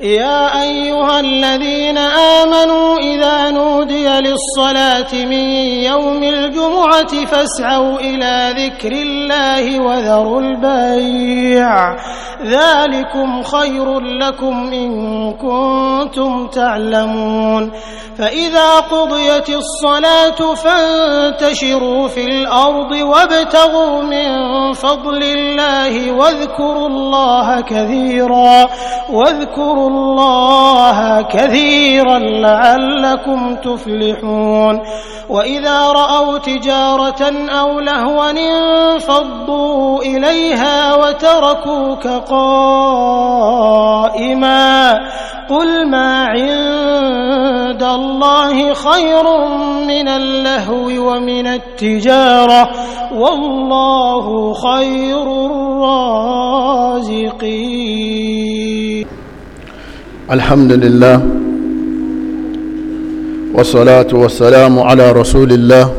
يا أيها الذين آمنوا إذا نودي للصلاة من يوم الجمعة فاسعوا إلى ذكر الله وذروا البيع ذلكم خير لكم إن كنتم تعلمون فإذا قضيت الصلاة فانتشروا في الأرض وابتغوا من فضل الله واذكروا الله كثيرا واذكروا الله كثيرا لعلكم تفلحون وإذا رأوا تجارة أو لهوا انفضوا إليها وتركوك قائما قل ما عند الله خير من اللهو ومن التجارة والله خير الرازقين الحمد لله والصلاة والسلام على رسول الله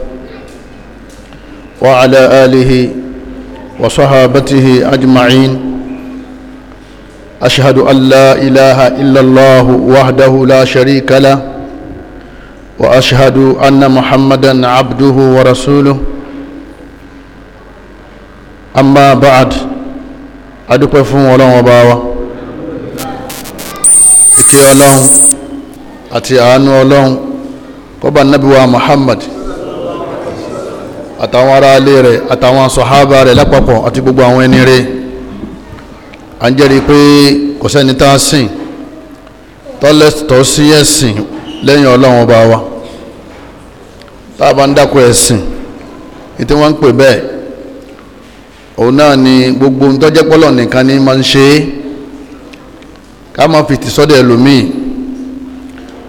وعلى آله وصحابته أجمعين أشهد أن لا إله إلا الله وحده لا شريك له وأشهد أن محمدا عبده ورسوله أما بعد أدوك فهم ولا مباوة ìkẹ́ ọlọ́run àti àánú ọlọ́run kọba nabiwa muhammad àtàwọn ará ilé rẹ̀ àtàwọn sọ̀hábà rẹ̀ lápapọ̀ àti gbogbo àwọn ẹni rẹ̀ à ń jẹ́rìí pé kò sẹ́ni tá a sìn tọ́lẹ́tọ́ sí ẹ̀sìn lẹ́yìn ọlọ́run ọba wa tá a bá ń dákọ̀ ẹ̀sìn ní tí ni gbogbo ń tọ́jẹ́ pọ́lọ̀ nìkan ni ká má fi tìsọ́dẹ̀ ẹlòmíì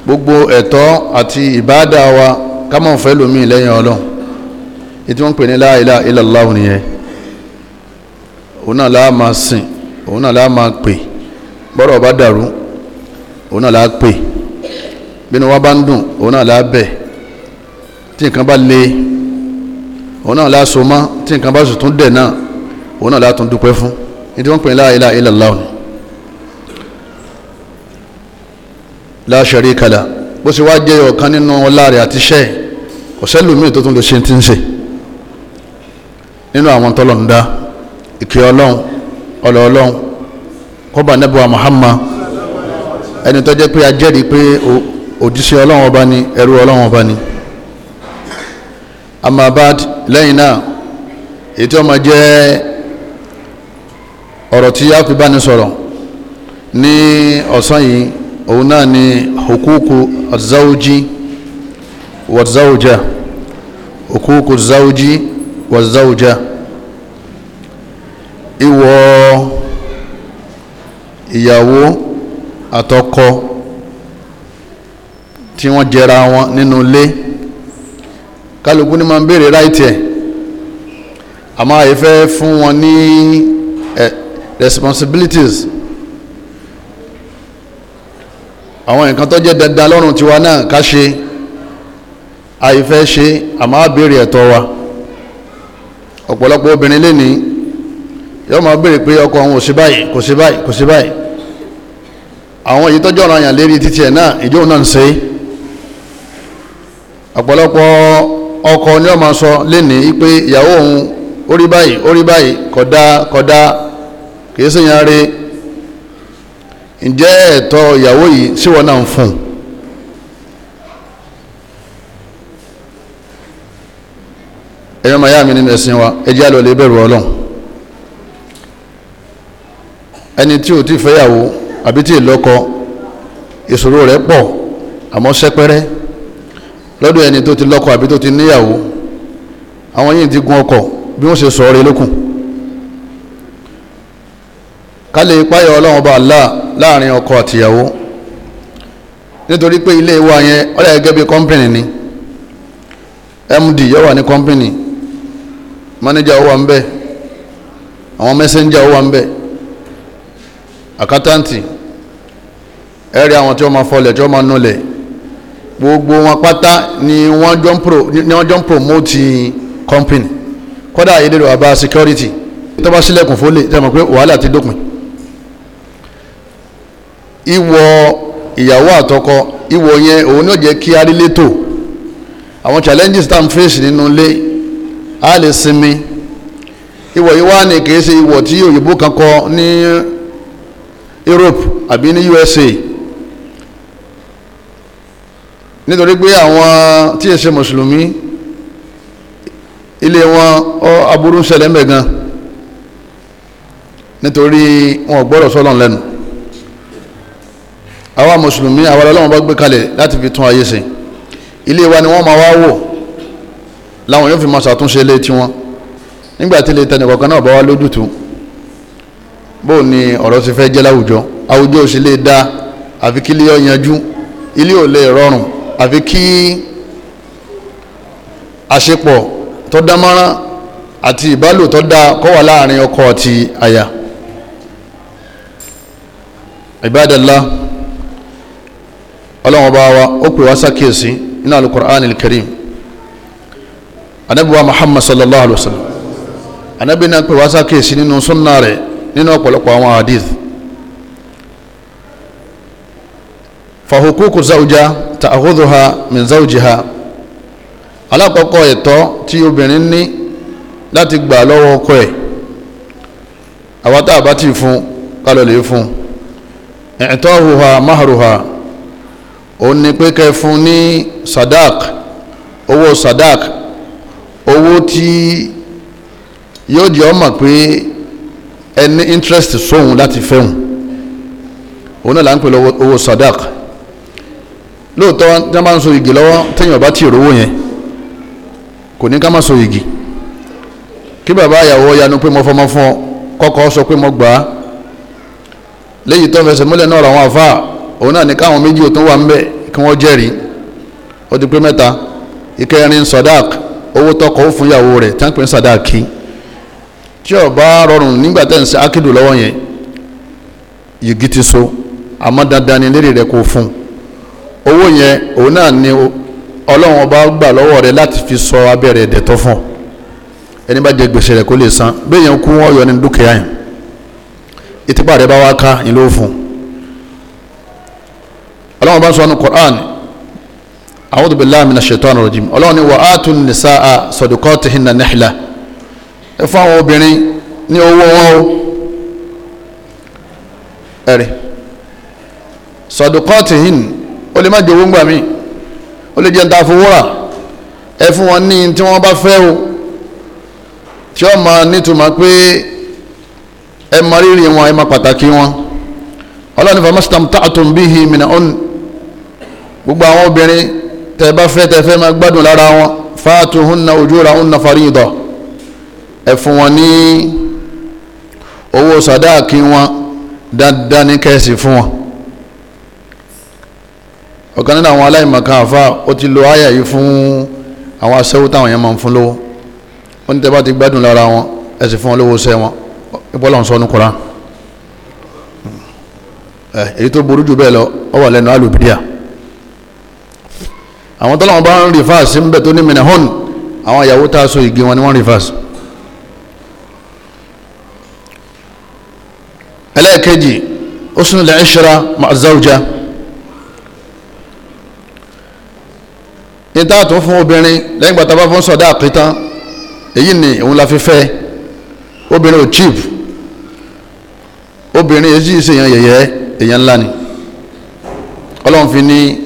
gbogbo ẹ̀tọ́ àti ìbáàdà wa ká má fẹ́ ẹlòmíì lẹ́yìn ọlọ́run ètí wọ́n ń pè ní la ilaha illallah nìyẹn òun náà láà máa sìn òun náà láà máa pè bọ́rọ̀ bá dàrú òun náà láà pè bínú wa bá ń dùn òun náà láà bẹ̀ tí nǹkan bá le òun náà láà so mọ́ tí nǹkan bá sì tún dẹ̀ náà òun náà láà tún dúpẹ́ fún ètí wọ́n ń pè ní la ilaha nìyẹn. la sharika la bó ṣe wá jẹ́ ọ̀kan nínú ọlá rẹ̀ àti iṣẹ́ kò sẹ́lòmíì tó tún lè ṣe ti ń ṣe nínú àwọn tọ́lọ̀ ń dá ìkẹ́ ọlọ́run ọlọ́ ọlọ́run kọ́ba nẹ́bùwà Muhammad ẹni tó jẹ́ pé a jẹ́rìí pé òjíṣẹ́ ọlọ́run ọba ni ẹrú ọlọ́run ọba ni amma bad náà èyí tí wọ́n máa jẹ́ ọ̀rọ̀ tí yá fi bá ní sọ̀rọ̀ ní ọ̀sán yìí òun náà ni hukuku azawji wazawja hukuku azawji wazawja ìwọ ìyàwó àtọkọ tí wọ́n jẹra wọn nínú ilé kálukú ni máa ń béèrè ráìtì ẹ̀ àmọ́ àyè fún wọn ní eh, responsibilities àwọn nǹkan tó jẹ́ dandan lọ́rùn tiwa náà ká ṣe àìfẹ́ ṣe àmọ́ àbèrè ẹ̀tọ́ wa ọ̀pọ̀lọpọ̀ obìnrin lénìí yóò máa béèrè pé ọkọ àwọn ò sí báyìí kò sí báyìí kò sí báyìí àwọn èyí tọ́jú ọ̀ràn àyàn lérí títí ẹ̀ náà ìjọ náà ń ṣe ọ̀pọ̀lọpọ̀ ọkọ ni ó máa sọ lénìí pé ìyàwó òun ó rí báyìí ó rí báyìí kódà kódà kì í sèyàn rèé ǹjẹ́ ẹ̀tọ́ ìyàwó yìí síwọ́ náà ń fún un ẹ̀yọ́ màá yá mi nínú ẹ̀sìn wa ẹjẹ́ àlọ́ lè bẹ̀rù ọlọ́run ẹni tí ò tí fẹ́yàwó àbí tí ìlọ́kọ ìṣòro rẹ̀ pọ̀ àmọ́ sẹ́pẹ́rẹ́ lọ́dọ̀ ẹni tó ti lọ́kọ àbí tó ti níyàwó àwọn yìí ti gun ọkọ̀ bí wọ́n ṣe sọ ọ́ rẹ lókun ká lè páyọ̀ ọlọ́run ọba Allah láàrin ọkọ àtìyàwó nítorí pé ilé wa yẹn ọ̀rẹ́ gẹ́gẹ́ bí kọ́mpìnì ni md yóò wà ní kọ́mpìnì mánéjà ó wà ń bẹ̀ àwọn mẹ́sẹ́njà ó wà ń bẹ̀ àkátàǹtì ẹ̀rí àwọn tí wọ́n máa fọlẹ̀ tí wọ́n máa nulẹ̀ gbogbo wọn pátá ni wọ́n jọ ń pro ni wọ́n jọ ń promote kọ́mpìnì kódà ayédèrè àbá security tó bá sílẹ̀kùn fólè tẹ́ mọ̀ pé wàhálà ti dópin ìwọ ìyàwó àtọkọ ìwọ yẹn òun náà jẹ́ kí arílẹ̀ tò àwọn challenges tá à face nínú ilé a lè sinmi ìwọ yìí wá ní kìí ṣe ìwọ tí òyìnbó kan kọ ní Europe àbí ní USA nítorí pé àwọn tí èsè mùsùlùmí ilé wọn aburú ń ṣẹlẹ̀ mẹ́gan nítorí wọn ò gbọ́dọ̀ sọ́lọ́n lẹ́nu àwa mùsùlùmí àwa ọlọ́wọ́n bá gbé kalẹ̀ láti fi tún ayé ṣe ilé wa ni wọ́n máa wá wò làwọn yóò fi máa ṣàtúnṣe ilé tiwọn nígbà tí ilé tẹnìkọ̀ọ̀kan náà bá wá lójútu bó ni ọ̀rọ̀ ti fẹ́ jẹ́ láwùjọ àwùjọ ò sì lè dá àfi kí ilé ọ̀yanjú ilé ò lè rọrùn àfi kí àṣepọ̀ tó dámọ́rán àti ìbálò tó dáa kó wà láàrin ọkọ àti aya ibadallah ọlọ́run bá wa ó pè wá sákèsí nínú alukur'an alkarim anabiwa muhammad sallallahu alaihi wa sallam anabi náà pè wá sákèsí nínú sunna rẹ̀ nínú ọ̀pọ̀lọpọ̀ àwọn hadith fahukuku zawja ta'khudhuha min zawjiha alákọ̀ọ́kọ́ ẹ̀tọ́ tí obìnrin ní láti gbà lọ́wọ́ ọkọ ẹ̀ àwa tá a bá ti fún ká lè fún i'tahuha mahruha ó ní pé kẹ́ ní sadak owó sadak owó tí yóò jẹ́ ọmọ pé ẹni interest sóhun láti fẹ́hùn òun náà là ń pè lọ́wọ́ sadak lóòótọ́ tí wọ́n bá ń so igi lọ́wọ́ téèyàn bá ti rówó yẹn kò ní ká má so igi kí bàbá àyàwó yanu pé mo fọmọ fún ọ kọ́kọ́ sọ pé mo gbà á léyìí tó fẹsẹ̀ múlẹ̀ náà làwọn àfáà òun náà ní káwọn méjì ò tún wà ń bẹ̀ kí wọ́n jẹ́rìí ó di pé mẹ́ta ìkẹrin sadak owó tọkọ ó fún ìyàwó rẹ̀ tán pé sadaki tí ó bá rọrùn nígbà tẹ̀ ń ṣe akidu lọ́wọ́ yẹn yìgì ti so àmọ́ dandan ni lérí rẹ̀ kò fún owó yẹn òun náà ni ọlọ́run ọba gbà lọ́wọ́ rẹ̀ láti fi sọ abẹ́rẹ́ ẹ̀dẹ̀ fún ẹni bá jẹ gbèsè rẹ̀ kó lè san bẹ́ẹ̀ yẹn kú wọ́n yọ ní dúkìá yẹn ìtìpá rẹ̀ bá wá ká ìlú òfun ọlọ́run bá ń sọ ní Qur'an a'udhu billahi minash shaitani rajim ọlọ́run ni wa atun nisaa sadaqatihinna nihla ẹ fún àwọn obìnrin ní owó wọn o ẹ̀rì sadaqatihin ó lè má jẹ owó ń gbà mí ó lè jẹ́ ń ta fowóra ẹ fún wọn ní tí wọ́n bá fẹ́ o tí ó máa nítumọ̀ pé ẹ mọ rírì wọn ẹ mọ pàtàkì wọn ọlọ́run ní famastamta'tum bihi min ọ̀nà gbogbo àwọn obìnrin tẹ bá fẹ́ tẹ fẹ́ máa gbádùn lára wọn fáàtù hunna ujura hunna farida ẹ fún wọn ní owó sàdáàkì wọn dandan ní kẹ́sì fún wọn ọ̀kan nínú àwọn aláìmọ̀kan àfa ó ti lo àyà yìí fún àwọn aṣẹ́wó táwọn yẹn máa ń fún lówó ó ní tẹ bá ti gbádùn lára wọn ẹ sì fún wọn lówó sẹ́ wọn ìbọ́lọ̀ ń sọ ní Kùránì èyí tó burú jù bẹ́ẹ̀ lọ ọ wà lẹ́nu alùbíyà àwọn tọ́lọ́wọ́n bá ń rìfáàs ń bẹ̀ tó ní mìnàhún àwọn ìyàwó tá a so ìgé wọn ni wọ́n rìfáàs. ẹlẹ́ẹ̀kejì husnul ishra ma'a zawja ìta tó fún obìnrin lẹ́yìn gbàtà bá fún sọ̀dá àpítán èyí ni òun la fi fẹ́ obìnrin ò cheap obìnrin èyí sì ṣèyàn yẹ̀yẹ́ èyàn ńlá ni ọlọ́run fi ní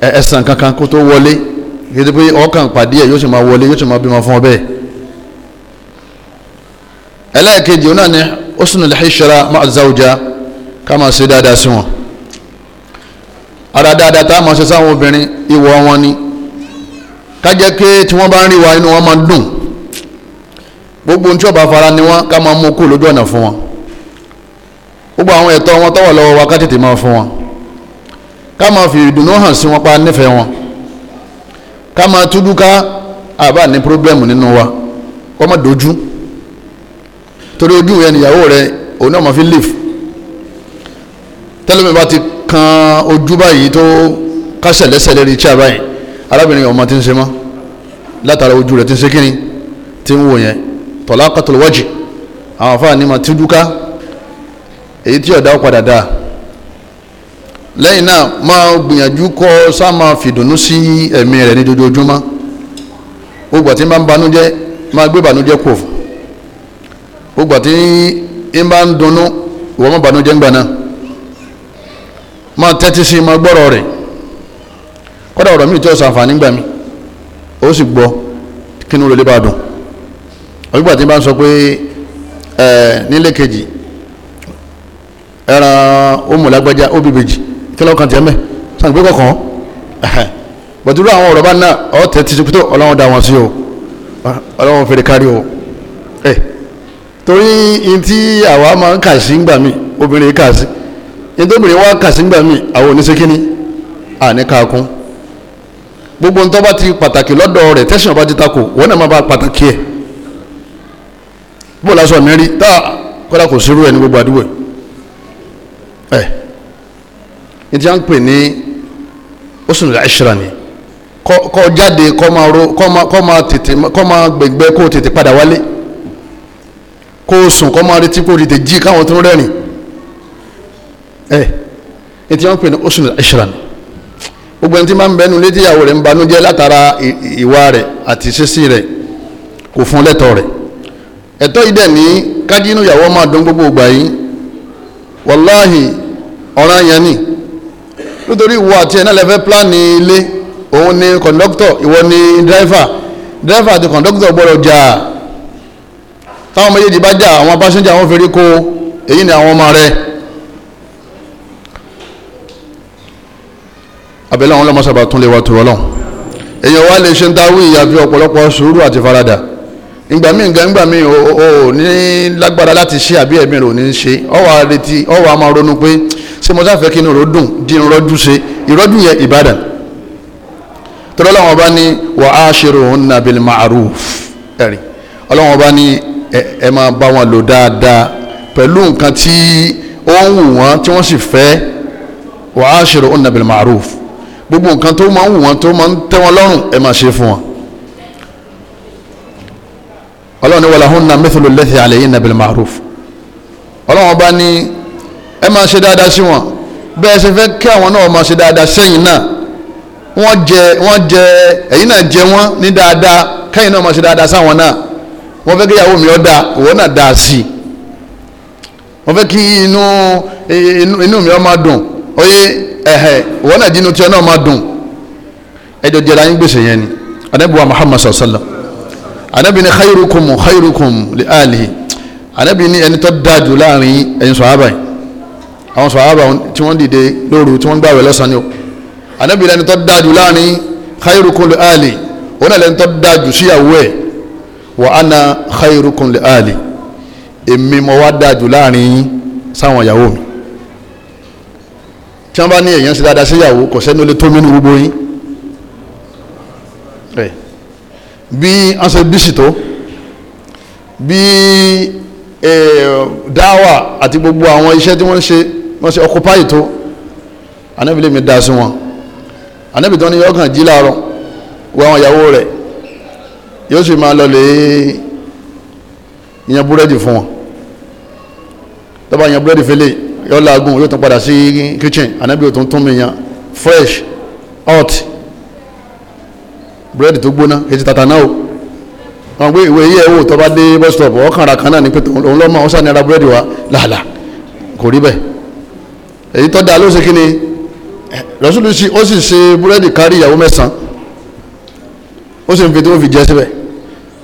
ẹ̀sán kankan kó tó wọlé yíyí pé ọkàn pàdé ẹ̀ yóò sì máa wọlé yóò sì máa bímọ fún ọ bẹ́ẹ̀ ẹlẹ́ẹ̀kejì òun náà ni husnul hishra ma'a zawja ká máa ṣe dáadáa sí wọn ara dáadáa tá a máa ṣe sáwọn obìnrin ìwọ wọn ni ká jẹ́ pé tí wọ́n bá ń rí wa inú wọn máa ń dùn gbogbo ní tí ọba fara ni wọn ká máa mú kú lójú ọ̀nà fún wọn gbogbo àwọn ẹ̀tọ́ wọn tọ́wọ̀ lọ́wọ́ wa ká tètè máa fún wọn ká máa fi ìdùnnú hàn sí wọn pa nífẹ̀ẹ́ wọn ká máa túdú ká àbá ní pírọ́blẹ́mù nínú wa kọ́ máa dojú torí ojú yẹn níyàwó rẹ òun náà máa fi live tẹ́lẹ̀mí bá ti kan ojú báyìí tó kásẹ̀ lẹ́sẹ̀ lérí tí a báyìí arábìnrin ọmọ ti ń ṣe mọ́ látara ojú rẹ̀ ti ń ṣe kíni ti ń wò yẹn tọ́lá kàtó lọ́wọ́jì àwọn afáàní máa túdú ká èyí tí ọ̀dà ó dáa. lẹ́yìn náà máa gbìyànjú kọ́ sáà máa fìdùnnú sí ẹ̀mí rẹ̀ ní dojoojúmọ́ gbogbo àti máa ń banújẹ́ máa gbé banújẹ́ kù gbogbo àti ń bá ń dunnú ìwọ́n máa banújẹ́ ń gbà máa tẹ́tí sí máa gbọ́rọ̀ rẹ̀ kọ́dà ọ̀rọ̀ míì tí ó gbà mí sì gbọ́ kí bá dùn tí bá ń sọ pé nílé kejì ẹran kí lọ́ọ́ kan tiẹ̀ mẹ́ sàn gbé kọ̀ọ̀kan bọ̀dúrà àwọn ọ̀rọ̀ bá ná ọ̀ tẹ̀ ti sèkútọ̀ ọlọ́run dá wọn sí o ah, ọlọ́run fèrè kárí o ẹ̀ eh, torí in tí àwa máa ń kà sí ń gbà mí obìnrin kà sí in tó obìnrin wá kà sí ń gbà mí àwọn oníṣekíní àní kaakún gbogbo ntọ́ bá ti pàtàkì lọ́dọ̀ rẹ̀ tẹ̀sán bá ti takò wọn náà máa bá pàtàkì ẹ̀ bó lásán mi rí tá kọ́dà kò sírú ẹ̀ ní gbogbo àdúgbò ẹ̀ eh, ní tí wọ́n ń pè ní usnul ishra ni kọ́ jáde kọ́ máa ro kọ́ máa tètè kọ́ máa gbẹ̀gbẹ́ kó tètè padà wálé kó sùn kọ́ máa retí kó tètè jí káwọn tó rẹ́rìn ẹ̀ ní tí wọ́n ń pè ní usnul ishra ni gbogbo ẹni tí máa ń bẹnu létí ìyàwó rẹ̀ ń banújẹ́ látara ìwà rẹ̀ àti ìṣesí rẹ̀ kò fún lẹ́tọ̀ọ́ rẹ̀ ẹ̀tọ́ yìí dẹ̀ ní kádínú ìyàwó máa dún gbogbo ìgbà yìí wàláhì ọ̀ranyàn ni nítorí ìwọ àti ẹ̀ náà lẹ́fẹ́ pílánì ilé òun ni kọ̀ǹdọ́kítọ̀ ìwọ ni dírẹ́fà dírẹ́fà àti kọ̀ǹdọ́kítọ̀ gbọ́dọ̀ jà táwọn méjèèjì bá jà àwọn pásẹ́njà wọn fèrè kó èyí ni àwọn ọmọ rẹ abẹ́lẹ́ àwọn ọlọ́mọ sábà tún lè wá tòrọ́ lọ́hùn èèyàn wá lè ṣe ń dáwọ́ ìyàfi ọ̀pọ̀lọpọ̀ sùúrù àti faradà ìgbà míì nǹkan ìgbà míì o ní lágbára láti ṣe àbí ẹ̀mí rò ní ṣe ọwọ́ àretí ọwọ́ àmọ́ ronú pé ṣé mo sáfẹ́ kí inú rò dùn di ìrọ́jú ṣe ìrọ́jú yẹn ìbàdàn tọ́lá ọlọ́wọ́n bá ní wa ashiruhunna bil ma'ruf ẹ̀rí ọlọ́wọ́n bá ní ẹ máa bá wọn lò dáadáa pẹ̀lú nǹkan tí ó ń wù wọ́n tí wọ́n sì fẹ́ wa ashiruhunna bil ma'ruf gbogbo nǹkan tó máa ń wù wọ́n tó máa ń tẹ́ wọn lọ́rùn ẹ máa ṣe fún wọn ọlọ́run ní walahunna mithlu alladhi alayhinna bil ma'ruf ọlọ́run bá ní ẹ máa ṣe dáadáa sí wọn bẹ́ẹ̀ ṣe fẹ́ kí àwọn náà máa ṣe dáadáa sẹ́yìn náà wọ́n jẹ wọ́n jẹ ẹ̀yin náà jẹ wọ́n ní dáadáa kẹ́yìn náà máa ṣe dáadáa sáwọn náà wọ́n fẹ́ kí ìyàwó mi ọ́ da ìwọ náà dáa sí i wọ́n fẹ́ kí inú inú mi ọ́ máa dùn oyè ẹ̀hẹ̀ ìwọ náà dínú tí ọ náà máa dùn ẹjọ jẹra yín gbèsè yẹn ni anabi muhammad sallam anabi ni khayrukum khayrukum li alihi anabi ni ẹni tó dáa jù láàrin ẹ̀yin sọ̀hábà yìí àwọn sọ̀hábà tí wọ́n dìde lóru tí wọ́n gbàwẹ̀ lọ́sàn-án ni o ànábì lẹni tó dájú láàrin khairukum li òun náà lẹni tó dájú síyàwó ẹ̀ wa ana khairukum li ahli èmi mo wá dájú láàrin yín sáwọn ìyàwó mi tí wọ́n bá ní èèyàn sí dáadáa síyàwó kò sẹ́ni ó lè tó mí ní gbogbo yín bí wọ́n ṣe bísì tó bí eh, dáwà àti gbogbo àwọn iṣẹ́ tí wọ́n ṣe wọ́n ṣe ọkùpáyì tó anabi lè mi da sí wọn anabi tó ní yọ kàn jí láàárọ̀ wọ àwọn ìyàwó rẹ̀ yóò sì máa lọ lè yan búrẹ́dì fún wọn tó bá búrẹ́dì fẹ́lẹ̀ yọ làágùn yóò tún padà sí kitchen anabi yóò tún tún mi yan fresh hot búrẹ́dì tó gbóná ètí tata náà o àwọn gbé ìwé yẹ̀ wò tó bá dé bus stop ọkàn ra kan náà ní pé òun lọ́mọ ọ̀sán ni ara búrẹ́dì wa làálàá kò rí bẹ́ẹ̀ èyí tó dáa ló ṣe kí ni rọ́ṣùlù sí ó sì ṣe búrẹ́dì kárí ìyàwó mẹ́sàn-án ó sì ń fi tí wọ́n fi jẹ́ síbẹ̀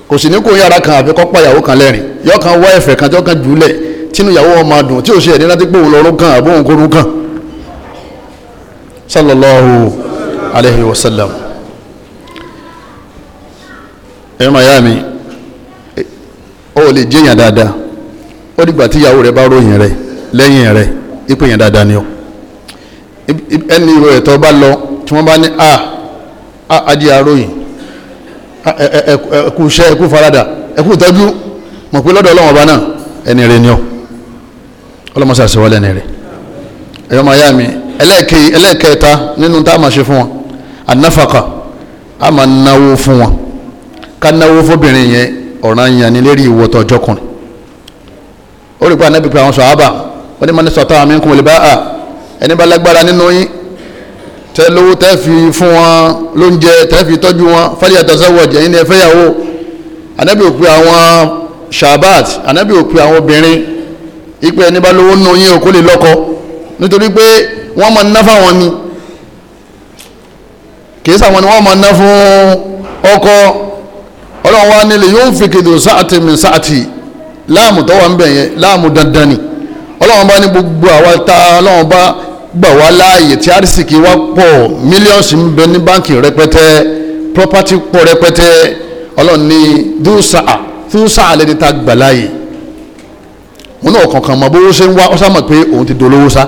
kò sì ní kó yàrá kan àfi kọ́pá ìyàwó kan lẹ́rìn yọ kan wá ẹ̀fẹ̀ kan tí wọ́n kan jùlẹ̀ tínú ìyàwó wọn máa dùn tí ò ṣe ẹ̀dín láti pé òun lọ́rùn kan àbó òun kórun kan sallallahu alayhi wa sallam ẹ máa yá mi ó lè jẹ́yàn dáadáa ó dìgbà tí ìyàwó rẹ bá ròyìn rẹ lẹ́yìn rẹ ipò yẹn dáadáa ni o ẹni ìró ẹ̀tọ́ bá lọ tí wọ́n bá ní a adi aróyìn ẹkú iṣẹ́ ẹkú farada ẹkú ìtọ́jú mọ̀ pé lọ́dọ̀ ọlọ́wọ́n ọba náà ẹni rẹ ni ọ ọlọ́mọṣẹ́ àṣewọlé ẹni rẹ ẹ̀yọ́ máa yá mi ẹlẹ́ẹ̀kẹta nínú tá a máa ṣe fún wọn anáfàkà a máa náwó fún wọn ká náwó fóbìnrin yẹn ọ̀ràn yẹn ni lérí ìwọ́tọ̀ ọjọ́kùnrin ó rí i pé anábìpẹ́ àwọn sọ̀ ábà wọ́n ní mọ̀ ní sọ̀tà àmì kùn lè bá a ẹni bá lágbára nínú yín tẹ́ lówó tẹ́ fi fún wọn lóúnjẹ tẹ́ fi tọ́jú wọn fálíyà tọ́sẹ̀wọ̀ jẹ́yìn ní ẹ̀fẹ́ yàwó ànábì àwọn shabat ànábì ò pe àwọn obìnrin ipe ẹni bá lówó nínú yín òkú lè lọ́kọ nítorí pé wọ́n máa ná fáwọn ni kìí sàwọn ni wọ́n máa ná fún ọkọ ọlọ́run wa nílẹ̀ yóò fi kìdùn sáàtì mi sáàtì láàmù tọ́wọ́ ń bẹ̀ láàmù dandan ni ọlọ́run bá ní gbogbo àwa tá ọlọ́run bá gbà wá láàyè tí arísìkì wá pọ̀ mílíọ̀nù ń bẹ ní báǹkì rẹpẹtẹ property pọ̀ rẹpẹtẹ ọlọ́run ní dúsàá dúsàá lẹni tá gbà láàyè wọn náà kankan mọ bówó ṣe ń wá ọsàn mọ̀ pé òun ti dolówó sá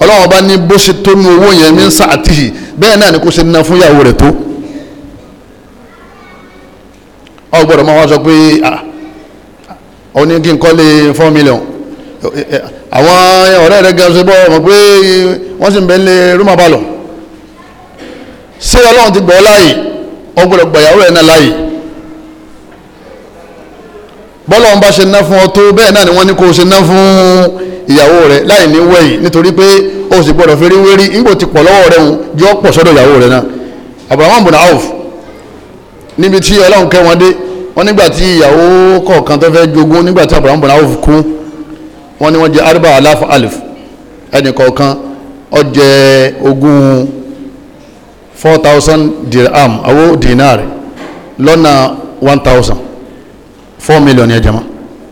ọlọ́run bá ní bó ṣe tó nu owó yẹn mi ń sá àtìyì bẹ́ẹ̀ náà ni kò ṣe ná fún ìyàwó rẹ̀ tó ọ gbọ́dọ̀ máa wá sọ pé ọ ah, ní kí n kọ́ lé four million àwọn ọ̀rẹ́ rẹ̀ gan ṣe bọ́ ọmọ pé wọ́n sì ń bẹ nílé rúmà balọ̀ ṣé ọlọ́run ti gbọ́ láàyè wọ́n gbọ́dọ̀ gbà ìyàwó rẹ̀ náà láàyè bọ́lá wọn bá ṣe ná fún ọ tó bẹ́ẹ̀ náà ni wọ́n ní kó o ṣe ná fún ìyàwó rẹ̀ láì ní wẹ̀yìn nítorí pé o sì gbọ́dọ̀ fi rí wérí nígbò ti pọ̀ lọ́wọ́ rẹ̀ hùn jọ pọ̀ sọ́dọ̀ ìyàwó rẹ̀ náà Abraham bin Auf níbi tí ọlọ́run kẹ́ wọn dé wọ́n nígbà tí ìyàwó kọ̀ọ̀kan tó fẹ́ jogún nígbà tí Abraham bin Auf kú wọ́n ní wọ́n jẹ arba aláfọ alif ẹnì kọ̀ọ̀kan ó jẹ ogún four thousand dirham owó dinari lọ́nà one thousand four million yẹn jẹ́mọ́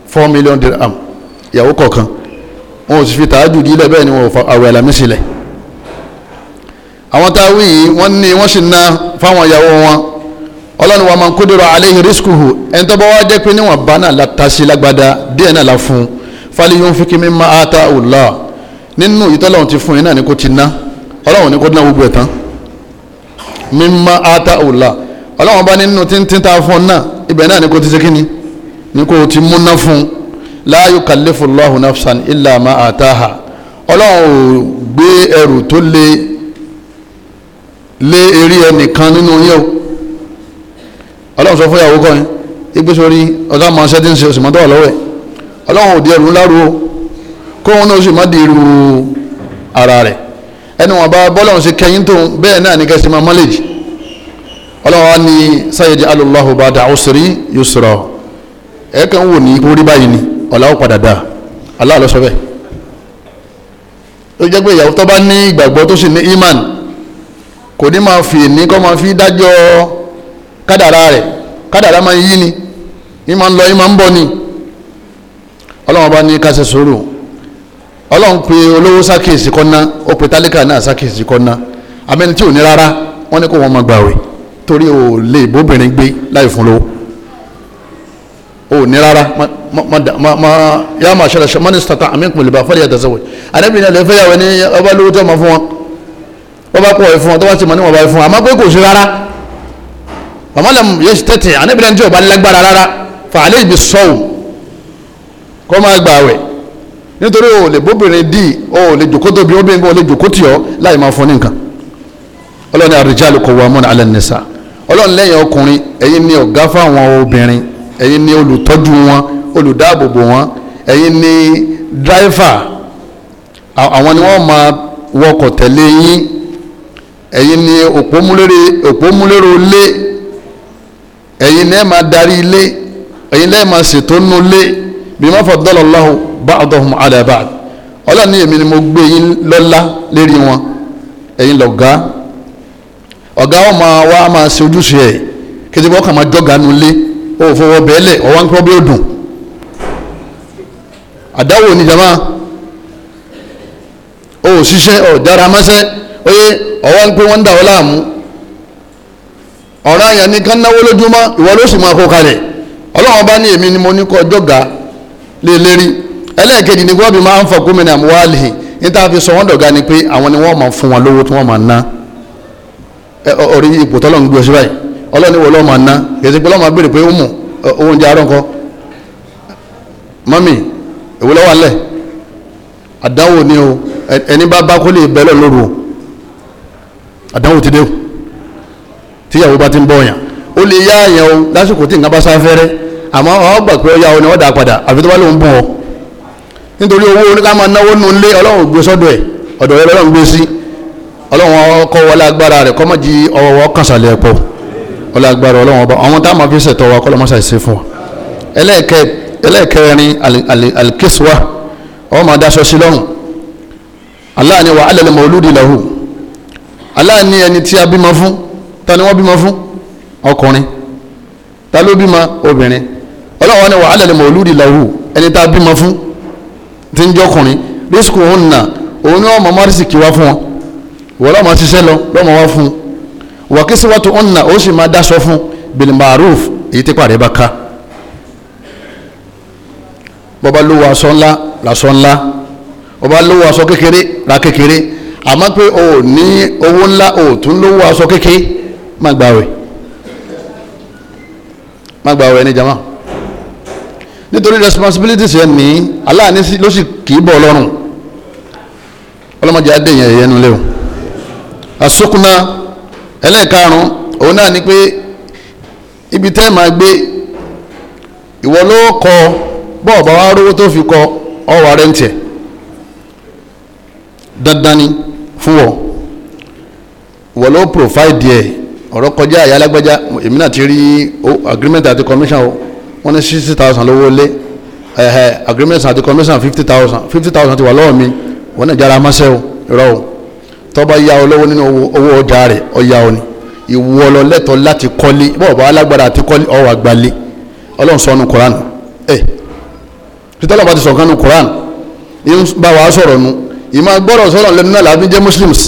four million dirham ìyàwó kọ̀ọ̀kan wọn ò sì fi tààjù dílẹ̀ bẹ́ẹ̀ ni wọn ò fa àwẹ̀ àlàmísì lẹ̀ àwọn táwí yìí wọ́n ní wọ́n sì ná fáwọn ìyàwó wọn ọlọ́run wa máa ń kó dèrò àléhìn rísíkù ẹni tó wá jẹ́ pé níwọ̀n bá náà la ta sí díẹ̀ náà la fún un fali yóò fi kí mi máa ata òòlà nínú ìtọ́lọ́run ti fún yín náà ni kò ti ná ọlọ́run ni kò ná gbogbo ẹ̀ tán mi máa ata òòlà ọlọ́run bá nínú tíntín tá fún náà ibẹ̀ náà ni kò ti ṣe kíni ni kò ti múná fún la yukallifu Allahu nafsan illa ma ataha ọlọ́run ò gbé ẹrù tó lé lé eré ẹnìkan nínú yẹn o ọlọ́run sọ fún ìyàwó kọ́ yín igbésórí ọ̀dọ́ àmọ́ ṣẹ́dínsì òsì mọ́tò ọ̀lọ́wẹ̀ ọlọ́run ò di ẹrù ńlá ru o kó wọn náà sì má di irú ara rẹ̀ ẹni wọn bá bọ́lá òun ṣe kẹyìn tó bẹ́ẹ̀ náà ní kẹsì máa mọ́lẹ̀jì ọlọ́run wa ní sayidi allahu bada usri yusra ẹ kàn wò ní orí báyìí ni ọ̀làwọ̀ padà dáa aláàlọ́ sọ bẹ́ẹ̀ ó jẹ́ pé ìyàwó tó bá ní ìgbàgbọ́ tó sì ní iman kò ní máa fi ní kó máa fi dájọ́ kádàrá rẹ̀ kádàrá máa yí ni ìmọ̀ lọ ìmọ̀ ń ni ọlọ́run bá ní ká ṣe sùúrù ọlọ́run pe olówó sákèsì kọ́ná ó pe tálíkà náà sákèsì kọ́ná amẹ́ni tí ò ní rárá wọ́n ní kó wọ́n máa gbàwé torí ò lè bóbìnrin gbé láì fún lówó ò ní rárá yá máa ṣẹlẹ̀ ṣe mọ́ni sọ̀tà àmì ìpínlẹ̀ bá fọ́lẹ̀ yàtọ̀ sẹ́wọ̀ àdébìnrin ẹ̀ lè fẹ́ yàwó ní ọba lówó tó máa fún wọn wọ́n bá kọ́ ẹ̀ fún wọn tó bá ti mọ̀ ní wọ́n bá ẹ̀ fún wọn àmọ́ pé kò sí rárá màmá lẹ́mu yẹ́sì tẹ̀tẹ̀ àdébìnrin tí ò bá lágbára rárá fàálẹ́ ìbí sọ́ọ̀ kọ́ máa gbà wẹ̀ nítorí o lè bóbìnrin dì o lè jòkó tóbi obìnrin o lè jòkó láì máa fún ní nǹkan ọlọ́ni àrìjálù kò wà mọ́ni alẹ́ nìsa ọlọ́ni lẹ́yìn ọkùnrin ẹ̀yin ni ọ̀gá fáwọn obìnrin ẹ̀yin ni olùtọ́jú wọn olùdáàbòbò wọn ẹ̀yin ni dráìfà àwọn ni wọ́n máa wọkọ̀ tẹ̀lé yín ẹ̀yin ni òpómúlérò lé ẹ̀yin ni ẹ̀ máa darí ilé ẹ̀yin lẹ́ẹ̀ máa ṣètò nù lé bima faddala Allahu ba'dahum ala ba'd ọlọ́run ní èmi ni mo gbé yín lọ́lá lérí wọn ẹ̀yin lọ̀gá ọ̀gá wọn máa wá máa ṣe ojúṣe ẹ̀ kété bọ́ kàn máa jọ́gà nu lé o ò fọwọ́ bẹ́ẹ̀lẹ̀ ọ̀wá ń kọ́ bí ó dùn àdáwò ní jama o ò ṣiṣẹ́ ọ̀ dára mọ́ṣẹ́ oye ọ̀wá ń pé wọ́n ń dà ọ́ láàmú ọ̀rọ̀ àyàn ní kánáwó lójúmọ́ ìwọ ló sì máa kó kalẹ̀ ọlọ́run bá ní èmi ni mo ní kọ́ jọ́gà lé lérí ẹlẹ́ẹ̀kejì ni wọ́n ma máa ń fọ gómìnà àmúwálì níta fi sọ wọ́n dọ̀gá ni pé àwọn ni wọ́n máa fún wọn lówó tí wọ́n máa ná orí ipò tọ́lọ́run gbé ọsẹ ọlọ́ni wo lọ́ọ́ máa ná kìí ṣe pé lọ́ọ́ máa pé ó ni o ẹni bá bá kó lè bẹ́ lọ lóru o àdánwò ti dé o tíyàwó bá ti ń bọ̀ yàn o lásìkò tí nǹkan àmọ́ ọ gbà pé ọyá òní ọ̀dà padà àfi tó bá lóun bùn ọ nítorí owó oníkà máa náwó nù lé ọlọ́run gbé sọ́dọ̀ ẹ̀ ọ̀dọ̀ rẹ lọ́run gbé sí ọlọ́run ọkọ̀ wọlé agbára rẹ̀ kọ́ mọ́ di ọwọ́ kàṣàlẹ̀ ẹ̀pọ̀ wọlé agbára ọlọ́run ọba àwọn táwọn máa fi ṣètò wa kọ́lọ́ mọ́ṣáì ṣe fún wa ẹlẹ́ẹ̀kẹrin alikeswa ọmọ adaṣọ sí lọ́run aláàni wà alẹ́lẹ́ mọ̀lúdì làwù aláàni ẹni tí a bímọ fún ta ni wọ́n bímọ fún ọkùnrin ta ló bímọ obìnrin ọlọ́wọ́ ni wàhálà lè mọ̀ olúdi làwù ẹni tá a bímọ fún ti ń jọkùnrin rísíkù òun nà òun ni wọn mọ mọ́rísìkì wá fún wọn wọ́n lọ́mọ ṣiṣẹ́ lọ lọ́mọ wá fún un wà kí síwájú òun nà ó sì máa dáṣọ fún bil ma'ruf èyí tí pàrẹ́ bá ká bọ́ba lówó aṣọ ńlá làṣọ ńlá bọ́ba lówó aṣọ kékeré ra kékeré àmọ́ pé o ò ní owó ńlá o ò tún lówó aṣọ kékeré má gbààwẹ̀ má gbààwẹ̀ ní jama nítorí responsibilities yẹn ní aláàní ló sì kì í bọ̀ lọ́rùn ọlọ́mọdé adé yẹn yẹn nulẹ̀ o àsokùnà ẹlẹ́ẹ̀karùn-ún òun náà ni pé ibi tẹ́ máa gbé ìwọ ló kọ bọ́ọ̀bá wa rówó tó fi kọ ọwọ́ rẹ́ǹtì ẹ̀ dandan ni fún wọ ìwọ ló provide ẹ̀ ọ̀rọ̀ kọjá àyálágbájá èmi náà ti rí agreement àti commission o wọ́n ní sixty thousand lówó lé ẹ̀hẹ̀ agreement àti commission fifty thousand fifty thousand ti wà lọ́wọ́ mi wọ́n ní ìjára amáṣẹ́ o irọ́ o tọ́ba ya olówó nínú owó ọjà rẹ̀ ọ̀ya òní ìwọ lọ lẹ́tọ̀ọ́ láti kọ́lé bọ́ọ̀ bá alágbára àti kọ́lé ọ̀wọ́ àgbálé ọlọ́run sọ ọ́nù koran ẹ̀ eh, títọ́lọ́ bá ti sọ̀kan nu koran ń bá wa sọ̀rọ̀ nu ìmọ̀ gbọ́dọ̀ sọ̀rọ̀ lẹ́nu náà làbí jẹ́ muslims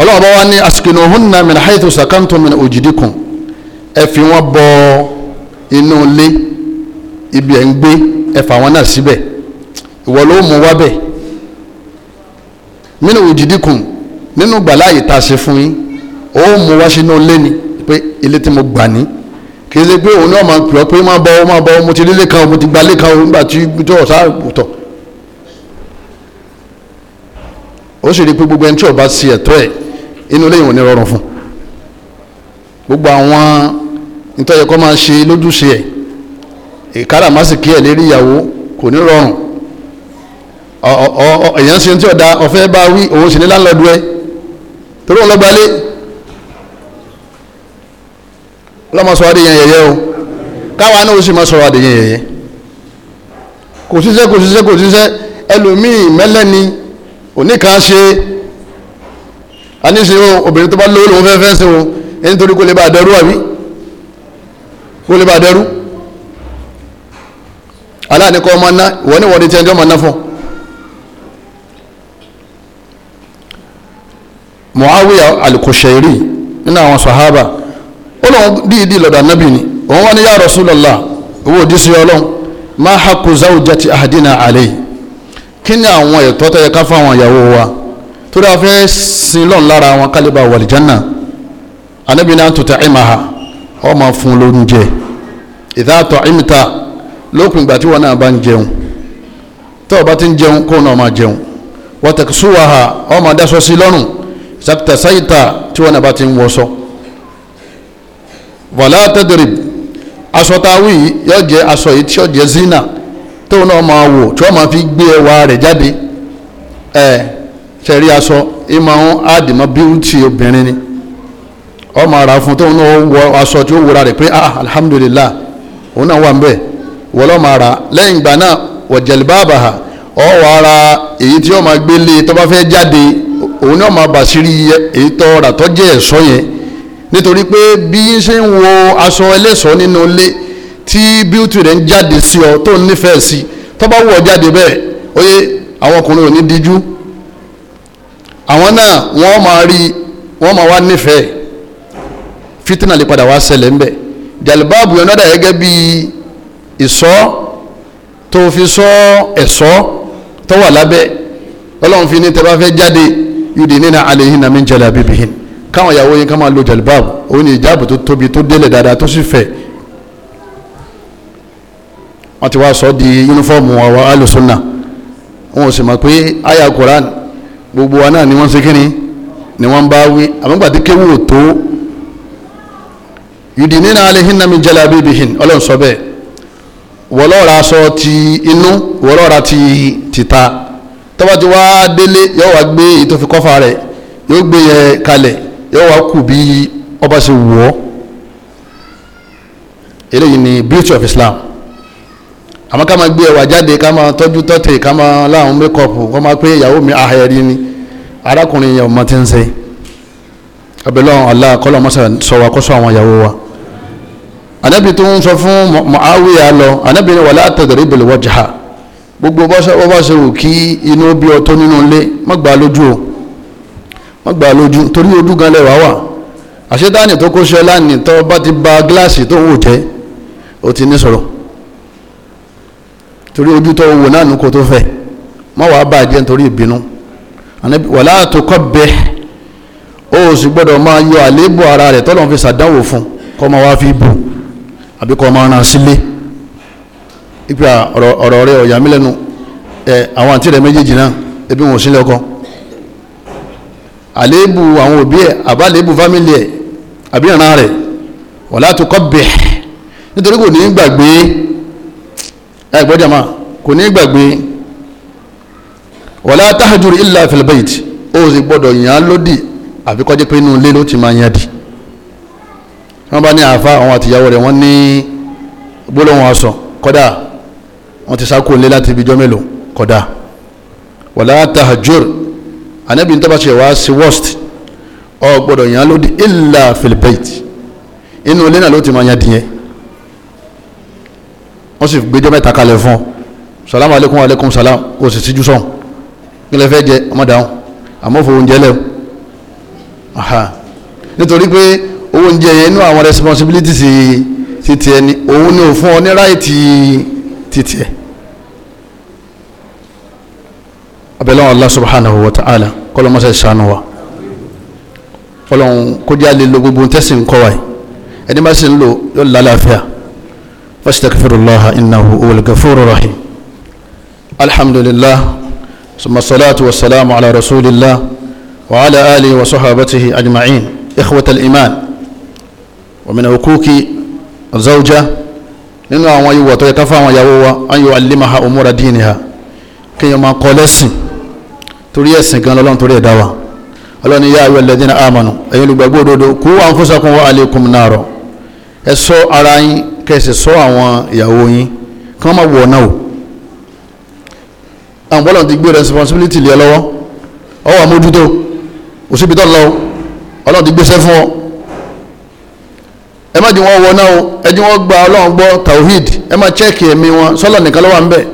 ọlọ́run bá wa ní asikinuhunna min haythu sakantum min ujidikum ẹ fi wọn bọ́ọ̀ inú ilé ibi ẹ̀ ń gbé ẹ̀fà wọn náà síbẹ̀ ìwọ ló mú wá bẹ̀ mínú òjìdíkùn nínú gbàláyè tá a ṣe fún yín ó mú wá sínú ilé ni pé ilé tí mo gbà ní kì í ṣe pé òun náà máa pè ọ́ pé má bọ́ má bọ́ mo ti lílé kan mo ti gba lé kan nígbà tí tó ọ̀sá tọ̀ ó sì rí i pé gbogbo ẹni tí ó ṣe ẹ̀tọ́ ẹ̀ inú ilé yìí ò ní rọrùn fún gbogbo àwọn nítorí ẹ̀kọ́ máa ṣe lójúṣe ẹ̀ ìkáràmásìkí ẹ̀ lérí ìyàwó kò ní rọrùn èèyàn ṣe tí ọ̀dà ọ̀fẹ́ bá wí òun sì ní láńlọ́dù ẹ torí òun lọ́gbà lé lọ́mọsọ adéyẹn yẹyẹ o káwa náà ó sì máa sọ̀rọ̀ adéyẹn yẹyẹ kò ṣiṣẹ́ kò ṣiṣẹ́ kò ṣiṣẹ́ ẹlòmíì mẹ́lẹ́ni oníkan ṣe aníṣe obìnrin tó bá lówó lòun fẹ́ fẹ́ ṣe o ẹni torí kò lè bá a dẹrú àbí. kó lè bá dẹrú aláàní kọ́ ọmọ ná ìwọ ní ìwọ́de tí ẹjọ́ máa ná fún Muawiya al-Kushairi nínú àwọn sahaba ó lóun lọ́dọ̀ anábì ni òun wá ní ya Rasulullah owó òdìsí ọlọ́run ma haqqu zawjati ahadina alayhi kí ni àwọn ẹ̀tọ́ tó yẹ ká fáwọn ìyàwó wa torí a fẹ́ sin lọ́n lára wọn kálíbà wàlìjánà anábì náà ha. ọ ma fún lóúnjẹ ìdáàtọ̀ ìmìta lókun ìgbà tí wọn náà bá ń jẹun tó o bá ti ń jẹun kó náà máa jẹun ọ ma dáṣọ sí lọ́rùn ṣàpìtà sáyìtà tí wọn náà bá ti ń wọṣọ. wàlá tẹ́dẹ̀rì aṣọ tá a wí yìí aṣọ yìí tí zina tó náà wò tí máa fi gbé ẹwà jáde aṣọ ìmọ̀ ọmọ ara fún tóun náà wọ aṣọ tí ó wúra rẹ̀ pé ah alhamdulillah òun náà wà ń bẹ̀ wọ́n lọ́mọ ara lẹ́yìn ìgbà náà wọ̀jẹ̀lbáàbà ọ wọ ara èyí tí ó máa gbélé e tó bá fẹ́ jáde òun náà máa bàṣírí èyí tó rà tó jẹ́ ẹ̀ṣọ́ yẹn nítorí pé bí yín ṣe ń wọ aṣọ ẹlẹ́ṣọ́ nínú ilé tí bíútì rẹ̀ ń jáde sí ọ tó nífẹ̀ẹ́ sí tó bá wọ̀ jáde bẹ́ẹ̀ ó àwọn ọkùnrin ò ní díjú àwọn náà wọ́n máa rí wọ́n máa wá nífẹ̀ẹ́ fitina lè padà wá ṣẹlẹ̀ ńbẹ̀ jalibabu yẹn lọ́dà gẹ́gẹ́ bí ìsọ́ tó fi sọ ẹ̀sọ́ tó wà lábẹ́ ọlọ́run fi ní tẹ́ bá fẹ́ jáde yudinina alayhinna min jalabibihin káwọn ìyàwó yẹn ká máa lo jalibabu òun ni ìjáàbù tó tóbi tó délẹ̀ dáadáa tó sì fẹ̀ wọ́n ti wá sọ di yunifọ́ọ̀mù àwọn alùsùnà wọn ò sì mọ̀ pé àyà koran gbogbo wa náà ni wọ́n ń ṣe ni wọ́n ń bá wí àmọ́gbàdí kéwù tó yudinina alehinna min jalabibihin ọlọ́run sọ bẹ́ẹ̀ wọlọ́ra sọ ti inú wọlọ́ra ti tìta tọ́ba ti wá délé yóò wá gbé ìtòfin kọ́fà rẹ̀ yóò gbé yẹn kalẹ̀ yóò wá kù bí ọba ṣe wù ọ́ eléyìí ni beauty of Islam àmọ́ ká máa gbé ẹwà jáde ká máa tọ́jú tọ́tẹ̀ ká máa láwọn mékọ́pù kọ́ máa pé ìyàwó mi ahẹ́rí ni arákùnrin ọmọ ti ń ṣe ọbẹ̀ lọ́wọ́n Allah kọ́lọ́ mọ́sà sọ wa kó sọ àwọn ìyàwó wa anabi tó ń sọ fún muawiya lọ anabi ni wàlá àtẹ̀dẹ̀rẹ̀ ìbẹ̀lẹ̀ wọ́jà gbogbo bọ́ bá ṣe wù kí inú bí ọtọ́ nínú ilé má gbà lójú o má gbà lójú torí ojú gan lẹ́wàá wà àṣetáni tó kó ṣe lánìí tó bá ti ba gíláàsì tó wò jẹ́ ó ti ní sọ̀rọ̀ torí ojú tó wò náà nù kó tó fẹ́ má wàá bàjẹ́ nítorí ìbínú wàlá àtòkọ́ bẹ́ẹ̀ ó sì gbọ́dọ̀ máa yọ àléébù ara rẹ̀ tọ́lọ́n fi ṣàdánwò fún kọ́ máa wá fi bù àbí kọ́ máa ràn sílé ipa ọ̀rọ̀ rẹ ọ̀yà mílẹ̀nu ẹ àwọn àti rẹ méjèèjì náà ebi wọn ò sílẹ̀ ọkọ àléébù àwọn òbí ẹ àbá fámìlì ẹ àbí ìran rẹ wala tuqabbih nítorí kò ní gbàgbé ẹ gbọ́dọ̀ mà kò ní gbàgbé wala tahjur illa fil bayt ó sì gbọ́dọ̀ yàn án lódì àfikọ́jẹ́ pé inú ilé ló ti máa yàn dì wọ́n bá ní àáfà àwọn àtìyàwó rẹ̀ wọ́n ní gbólóhùn ọ̀sán kọ́dà wọ́n ti sáko lé láti ibi jọ́ kọ́dà wàlá tahajur anabi ntaba ṣe wá sí worst ọ gbọ́dọ̀ yàn án lódì illa fil bait inú ilé náà ló ti máa yan dìyẹn wọ́n sì gbẹjọ́ mẹ́ta kalẹ̀ fún ọ salam aleykum aleykum salam kò sì síjú sọ̀hún kílẹ̀ fẹ́ jẹ ọmọ dáhùn àmọ́ fowó oúnjẹ lẹ́wọ̀ nítorí pé owó oúnjẹ yẹn inú àwọn responsibilities ti tiẹ̀ ni òun ni ò fún ọ ní ráìtì ti tiẹ̀ abẹ́lẹ́ Allah subhanahu wa ta'ala kọ́lọ́mọ́sẹ̀ ṣàánú wa ọlọ́run kó jẹ́ àlè lo gbogbo tẹ́sí ń kọ́ wa yìí ẹni bá sì ń lò yóò lálàáfíà fastaghfirullaha innahu huwal rahim alhamdulillah summa salatu wa salamu ala rasulillah wa ala alihi wa sahabatihi ajma'in ikhwatal iman ومن حقوق الزوجة nínú àwọn ìwọ̀ tó yẹ ká fáwọn ìyàwó wa an yu'allimaha umura diniha kéèyàn máa kọ́ lẹ́sìn torí ẹ̀sìn gan lọ́lọ́run torí ẹ̀dá wa ọlọ́run ní ya ayu alladhina amanu ẹ̀yin olùgbàgbọ́ òdodo ku anfusakum wa naro ẹ ṣọ́ ara o responsibility lé ẹ má jẹ́ wọ́n wọ náà o ẹ jẹ́ wọ́n gba ọlọ́run gbọ́ tawhid ẹ má chẹ́ẹ̀kì ẹ̀mí wọn sọ́lọ̀ nìkan ló wà ń bẹ̀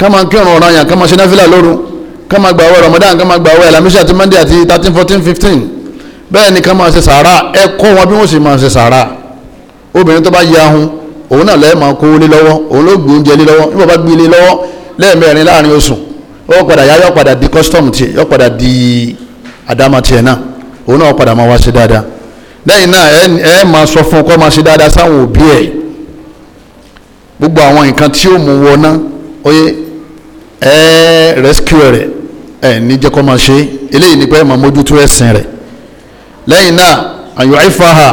ká máa kírun ọ̀ràn yàn ká máa ṣe náfìlà lóru ká máa gbààwẹ̀ Ramadan ká máa gbààwẹ̀ alamisa àti monday àti thirteen fourteen fifteen bẹ́ẹ̀ ni ká máa ṣe sàárà ẹ kọ́ wọn bí wọ́n sì máa ṣe sàárà obìnrin tó bá ya ahun òun náà lẹ́ẹ̀ máa kó lé lọ́wọ́ òun ló gbé oúnjẹ lé lọ́wọ́ nígbà bá gbé lé lọ́wọ́ lẹ́ẹ̀mẹrin láàrin oṣù ó padà yá yọ padà di custom tiẹ̀ yọ padà di àdámà tiẹ̀ náà òun náà padà máa wá ṣe dáadáa lẹ́yìn náà ẹ ẹ máa sọ fún un kó máa ṣe dáadáa sáwọn òbí ẹ̀ gbogbo àwọn nǹkan tí ó mú wọná oye ẹ rescue rẹ ẹ níjẹ́ kó máa ṣe eléyìí ni pé ẹ máa mójútó ẹ̀sìn rẹ̀ lẹ́yìn náà àyọ̀ ìfàhà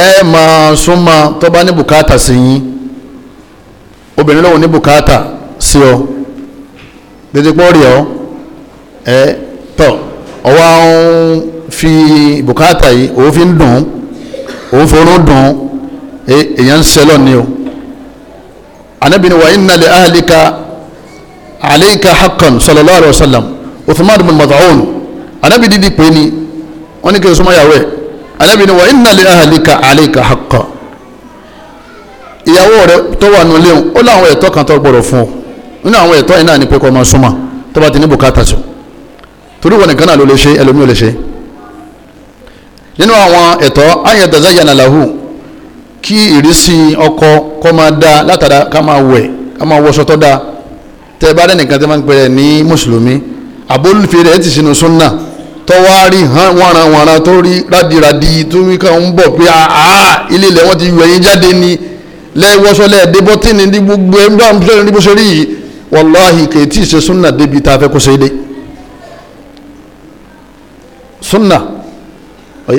ẹ máa súnmọ́ tó ní bùkátà sí yín obìnrin ní bùkátà sí ọ dédé ọ ẹ tọ ọwọ́ àwọn. fi bùkátà yìí òfin dùn òun forún dùn èèyàn ń sẹlọ ni o anabini wa inna li ahlika alayka haqqan sallallahu alayhi wa sallam uthman bin mad'un anabi didi pe ni wọ́n ní kí n súnmọ́ yàwó ẹ̀ anabi ni wa inna li ahlika alayka haqqan ìyàwó rẹ tó wà nù léwu ó láwọn ẹ̀tọ́ kan tó gbọ́dọ̀ fún ọ nínú àwọn ẹ̀tọ́ yìí náà ni pé kó máa súnmọ́ tó bá ti ní bùkátà sí torí wọn nìkan náà ló lè ṣe ẹlòmíì ò lè ṣe. nínú àwọn ẹ̀tọ́ ayẹ̀dàzáyànà làhù kí ìrísí ọkọ kọ́ máa dá látara ká máa wẹ̀ ká máa wọṣọ tó dáa tẹ́ bá rẹ́ nìkan tẹ́ máa ń pẹ̀rẹ̀ ní mùsùlùmí àbólúfi rẹ̀ ti sinú súnà tọ́wárí hàn wọ̀nranwọ̀nran tó rí rádiràdi tó wí ká ń bọ̀ ni lẹ́wọ́sọ lẹ́ẹ̀dẹ́ ní gbogbo ẹ̀ ń bá ń bẹ̀rẹ̀ ṣe rí yìí wàláhì tí ì ṣe súnà débi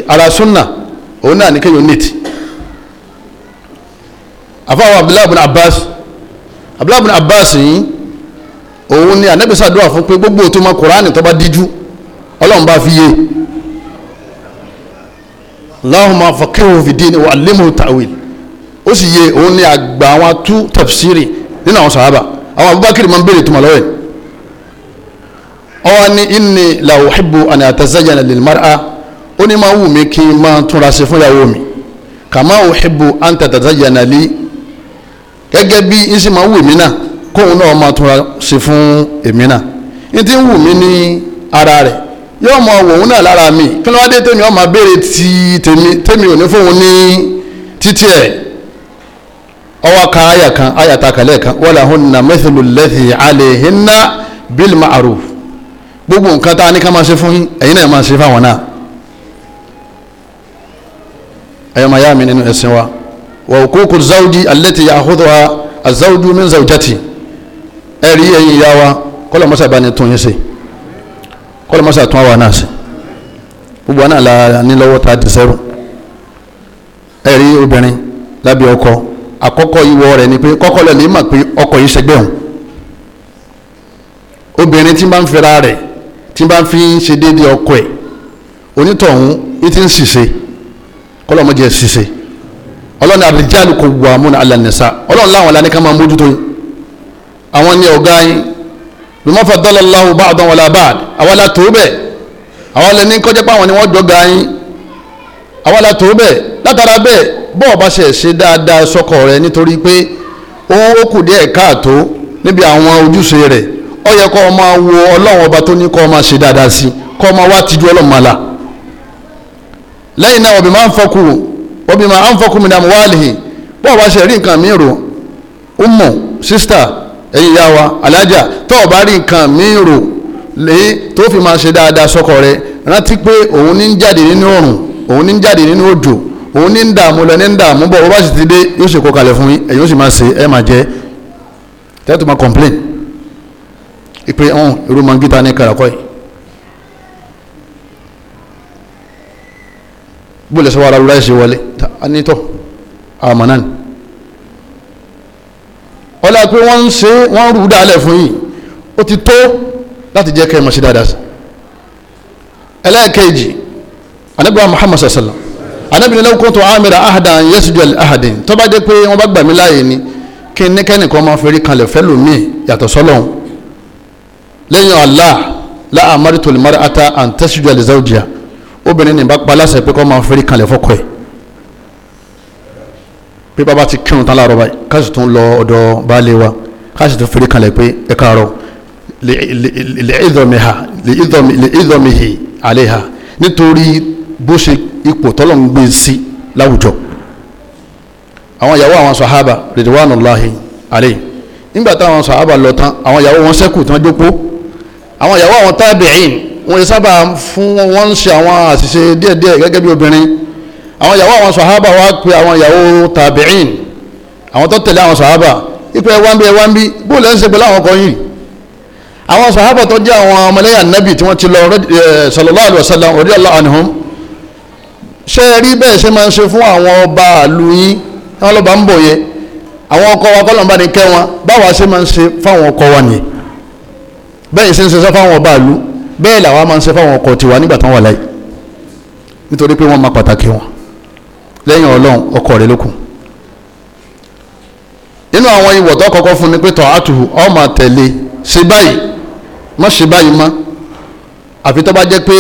ara sunna òun náà ní kéèyàn nìtì àfáwọn abdullahi bin abbas abdullahi bin abbas yìí òun ni ànábì ṣàdúrà fún pé gbogbo tó mọ kuraani tó bá díjú ọlọ́run bá fi yé Allahumma faqihu fi din wa allimhu ó sì yé òun ni àgbà àwọn tú tafsiri nínú àwọn sàhábà àwọn abubakar máa ń béèrè tuma lọ́wọ́ ẹ̀ ọwọ́ ni inni la uhibbu an atazayana lil mar'a ó ní máa wù mí kí n máa túnra sí fún ìyàwó mi kàmá uhibbu an tatazayyana li gẹ́gẹ́ bí n sì máa wù mí náà kóun náà máa túnra sí fún èmi náà n ti ń wù mí ní ara rẹ̀ yóò mọ òun náà lára mi kí ló wá dé tèmi ọmọ abéèrè ti tèmi tèmi ò ní fóun ní títí ẹ̀ ọwọ́ ka àyà kan àyà ta kàlẹ́ kan walahunna mithlu allathi alayhinna bil ma'ruf gbogbo nǹkan tá a ní ká máa ṣe fún yín ẹ̀yin náà máa ṣe fáwọn náà. ẹ̀yọ́ máa yá mi nínú wa wa huququ zawji allati ya'khudhuha az-zawju min zawjati ẹ̀rí ẹ̀yìn ìyá wa kọ́lọ̀ mọ́sá bá ní tún yín sí kọ́lọ̀ gbogbo ni pe kọ́kọ́ lẹ̀ lè ma pe oko yìí ṣẹgbẹ́ òun obìnrin tí bá n fira re tí bá n fi ṣe déédéé ọkọ ẹ̀ onítọ̀hún kọ́lọ́ mọ́jẹ́ ṣiṣẹ́ ọlọ́ni àbíjáde kò wà múna alànìsá ọlọ́run láwọn ọ̀la ní ká máa mójútó yín àwọn ní ọ̀gá yín bímọ fàdọ́lọ́ láwù bá àdán wọlé abáàd àwọn la tó bẹ́ẹ̀ àwọn lè ní kọjá pé àwọn ni wọ́n dọ́gà yín àwọn la tó bẹ́ẹ̀ látara bẹ́ẹ̀ bọ́ọ̀ bá ṣe ṣe dáadáa sọ́kọ rẹ nítorí pé òun ó kù díẹ̀ káàtó níbi àwọn ojúṣe rẹ̀ ó yẹ kó o máa wo ọlọ́run ọba tó ní kó o máa ṣe dáadáa sí kó o máa wá tijú ọlọ́run la lẹ́yìn náà obi anfaqu wabima anfaqu min amwalihi bó o bá ṣe rí nǹkan míì umu sista ẹ̀yin ìyá wa alájà tó o bá rí nǹkan míì rò lè tó fi máa ṣe dáadáa sọ́kọ rẹ rántí pé òun ní ń jáde nínú òrùn òun ní ń jáde nínú òjò òun ní ń dààmú lọ ní ń dààmú sì ti dé yóò ṣe kọ kalẹ̀ fún yín bóòlù sọ wàrà lura ẹsẹ wọlé anítọ àmàna ni ọlá pé wọn ń ṣe wọn rú dálẹ fún yìí ó ti tó láti jẹ kẹ́ ẹ mọ̀ dáadáa sí ẹlẹ́ẹ̀kejì anabiwa muhammad sallam anabi nílẹ̀ kótó amira ahadan yẹsùjọ ahadin tó bá jẹ́ pé wọ́n bá gbà mí láàyè ni kí n ní kẹ́nìkan máa fẹ́rí kanlẹ̀ fẹ́lú mi yàtọ̀ sọ́lọ́hún lẹ́yìn allah láàmárìtò lè mara ata àǹtẹ́sùjọ lè záwùjìyà obìnrin ní bá pa aláṣẹ pé kó máa fẹ́rí kalẹ̀ fọ́kọ ẹ̀ pé bàbá ti kírun tán láàárọ̀ báyìí káṣí tún lọ ọ̀dọ̀ baálé wa káṣí tún fẹ́rí kalẹ̀ pé ẹ káàárọ̀ lè ìdọ̀mìhà lè ìdọ̀mìhì àléhà nítorí bó ṣe ipò tọ́lọ̀ ń gbé sí láwùjọ àwọn ìyàwó àwọn sàhábà ridwanullahi alayhi nígbà táwọn sàhábà lọ tán àwọn ìyàwó wọn ṣẹ́kù tán jókòó àwọn ìyàwó àwọn tábìín wọ́n sábà fún wọ́n ń ṣe àwọn àṣìṣe díẹ̀díẹ̀ gẹ́gẹ́ bí obìnrin àwọn ìyàwó àwọn sàhábà wá pe àwọn ìyàwó tàbíìn àwọn tó tẹ̀lé àwọn sàhábà ipe wáńbí wáńbí bó lẹ́ ń ṣe pẹ̀lú àwọn ọkọ yìí àwọn sàhábà tó jẹ́ àwọn ọmọlẹ́yà nábì tí wọ́n ti lọ sallallahu alaihi wasallam radiyallahu anhum ṣé rí bẹ́ẹ̀ ṣe máa ń ṣe fún àwọn ọba àlù yín táwọn lọ́ba ń bọ̀ yẹn àwọn ọkọ wa kọ́ lọ́nba ni kẹ́ báwa ṣe máa ń ṣe fáwọn ọkọ wa nìyẹn bẹ́ẹ̀ ṣe ń ṣe sọ fáwọn ọba àlù bẹ́ẹ̀ làwa máa ń ṣe fáwọn ọkọ tiwa nígbà tán wà láyé nítorí pé wọ́n máa pàtàkì wọn lẹ́yìn ọlọ́run ọkọ rẹ̀ lókun nínú àwọn ìwọ̀ tó kọ́kọ́ fún ni pé tọ́ àtùhù ọ máa tẹ̀lé ṣe báyìí má ṣe báyìí má àfi tó bá jẹ́ pé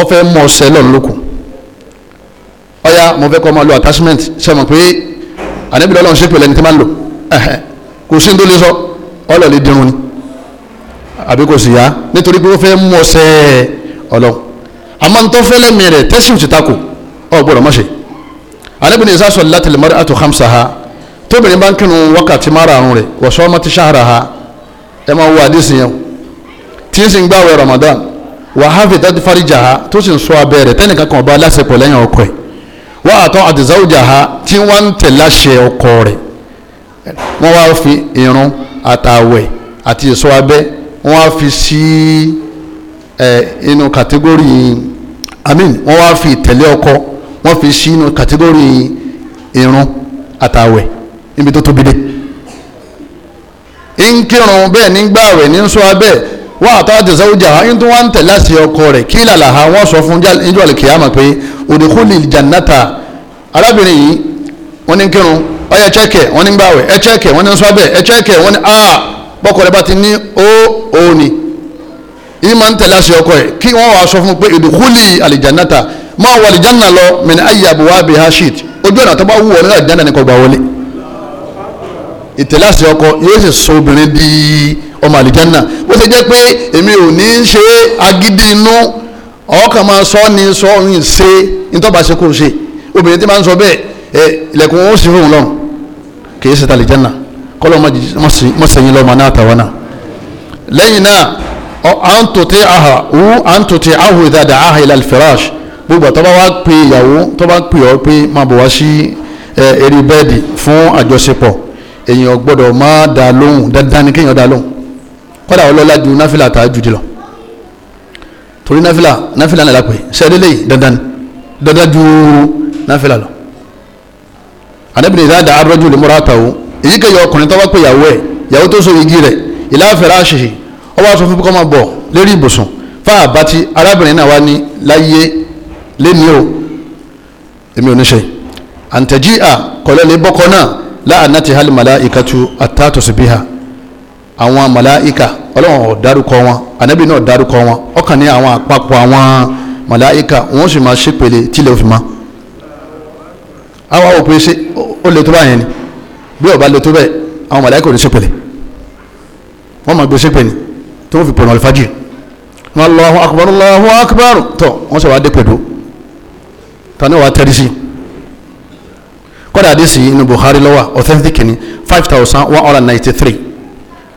ọ fẹ́ mọ ọsẹ lọ́nà lókun ọ̀ya mo fẹ́ kọ́ máa lo attachment ṣe mọ̀ pé ànábìlẹ̀ ọlọ́run ṣépè lẹ́ni tí máa ń lò kò sí ní tó lè sọ ọlọ́ọ̀lẹ́ dirun ni àbí kò sì yá nítorí pé ó fẹ́ mú ọsẹ ọlọ́run àmọ́ ntọ́ fẹ́lẹ́ mi rẹ̀ tẹ́sí òtítà kù ọ gbọ́dọ̀ mọ̀ṣẹ́ arábìnrin ìsá sọ láti lè mọ́rí àtò hamsa ha tóbìnrin bá ń kírun wákàtí márààrún rẹ̀ wọ̀ṣọ́ ọmọ ti ṣáhara ha ẹ máa wo àdísì yẹn tí ń sì ń gbàwé Ramadan wàhálà ìdájú fáríjà ha tó sì ń sọ abẹ́ rẹ̀ tẹ́nìkan kan ọba aláṣepọ̀ lẹ́yìn ọkọ ẹ̀ wọ́n àtọ́ àdìsáwùjà ha tí wọ́n ń tẹ̀ láṣẹ ọkọ rẹ̀ wọ́n wá fi irun àtàwẹ̀ àti ìsọ abẹ́ wọ́n fi sí inú kàtégórì wọ́n wá fi ọkọ wọ́n fi sí inú kàtégórì irun àtàwẹ̀ níbi tó tóbi dé nkírun bẹ́ẹ̀ nígbàwẹ̀ ní nsọ́ abẹ́ wọ́n àtọ́ àti sọ́jà ayé tó ń ọkọ rẹ̀ kí làlà wọ́n sọ fún ìjọ àlùkìyàmà pé òdìkúlì jannata arábìnrin yìí wọ́n ní wọ́n ní bọ́kọ rẹ̀ bá ti ní ó ó ni yìí máa ń tẹ̀lé aṣọ ọkọ ẹ̀ kí wọ́n wàá sọ fún un pé ìdúkúlì àlìjánnáta máa wọ àlìjánná lọ mẹ́ni ayé àbúwá bíi hashit ojú ọ̀nà tó bá wù ọ́ nínú àlìjánná ni kò gbà wọlé ìtẹ̀lé aṣọ ọkọ yóò sì sọ obìnrin di ọmọ àlìjánná bó ṣe jẹ́ pé èmi ò ní ṣe agídí inú ọkàn máa sọ ni sọ ń ṣe nítọ́ba ṣe ṣe obìnrin tí máa ń sọ bẹ́ẹ̀ ilẹ̀kùn ó sì fún un lọ́rùn kì í ṣe tàlìjánná kọ́lọ́ mọ̀ sẹ́yìn lọ́mọ náà tàwọn náà lẹ́yìn náà à ń tòtí àhà wú à ń tòtí àhù ìdàdà àhà ilà alfirash gbogbo tó bá wá pe ìyàwó tó bá pè ọ́ pé máa bọ̀ wá sí eré bẹ́ẹ̀dì fún àjọṣepọ̀ èèyàn gbọ́dọ̀ má dá lóhùn dandan ni kéèyàn dá lóhùn kọ́dà ọlọ́lá ju náfìlà tá a jù dì lọ torí náfìlà náfìlà nàlá pé sẹ́ẹ́dẹ́lẹ́ dandan dandan ju náfìlà lọ. àdébìnrin ìdá dà lè múra tàwọn èyíkéyìí ọkùnrin tó bá pè yàwó ẹ̀ yàwó tó so igi rẹ̀ ìlà fẹ̀rẹ̀ àṣìṣe ọ wá sọ fún kọ́ máa bọ̀ lérí ibùsùn fáà bàtí arábìnrin náà wá ní láyé lẹ́ni o èmi ò ní ṣe àǹtẹ̀jì à kọ̀lẹ́lẹ́ bọ́kọ náà láàánà ti hali màláìka tu àtàtòsí bíhà àwọn màláìka ọlọ́run ò dárúkọ wọn ànábì náà dárúkọ wọn ọkàn ní àwọn àpapọ̀ àwọn màláìka wọn sì máa ṣépele tílẹ̀ òfin àwa ò pèsè ó lè tó báyẹn ni bí ọba lè tó bẹ́ẹ̀ àwọn màláíkà ò ní sépèlè wọ́n máa gbé sépèlè tí wọ́n fi pọ̀nà alifájì wọn Allahu akbar Allahu akbar tọ̀ wọ́n sọ wá dé pẹ̀lú tani wàá tẹ́rí sí kọ́dà àdìsí inú Bukhari lọ́wọ́ authentic ni five thousand one hundred ninety three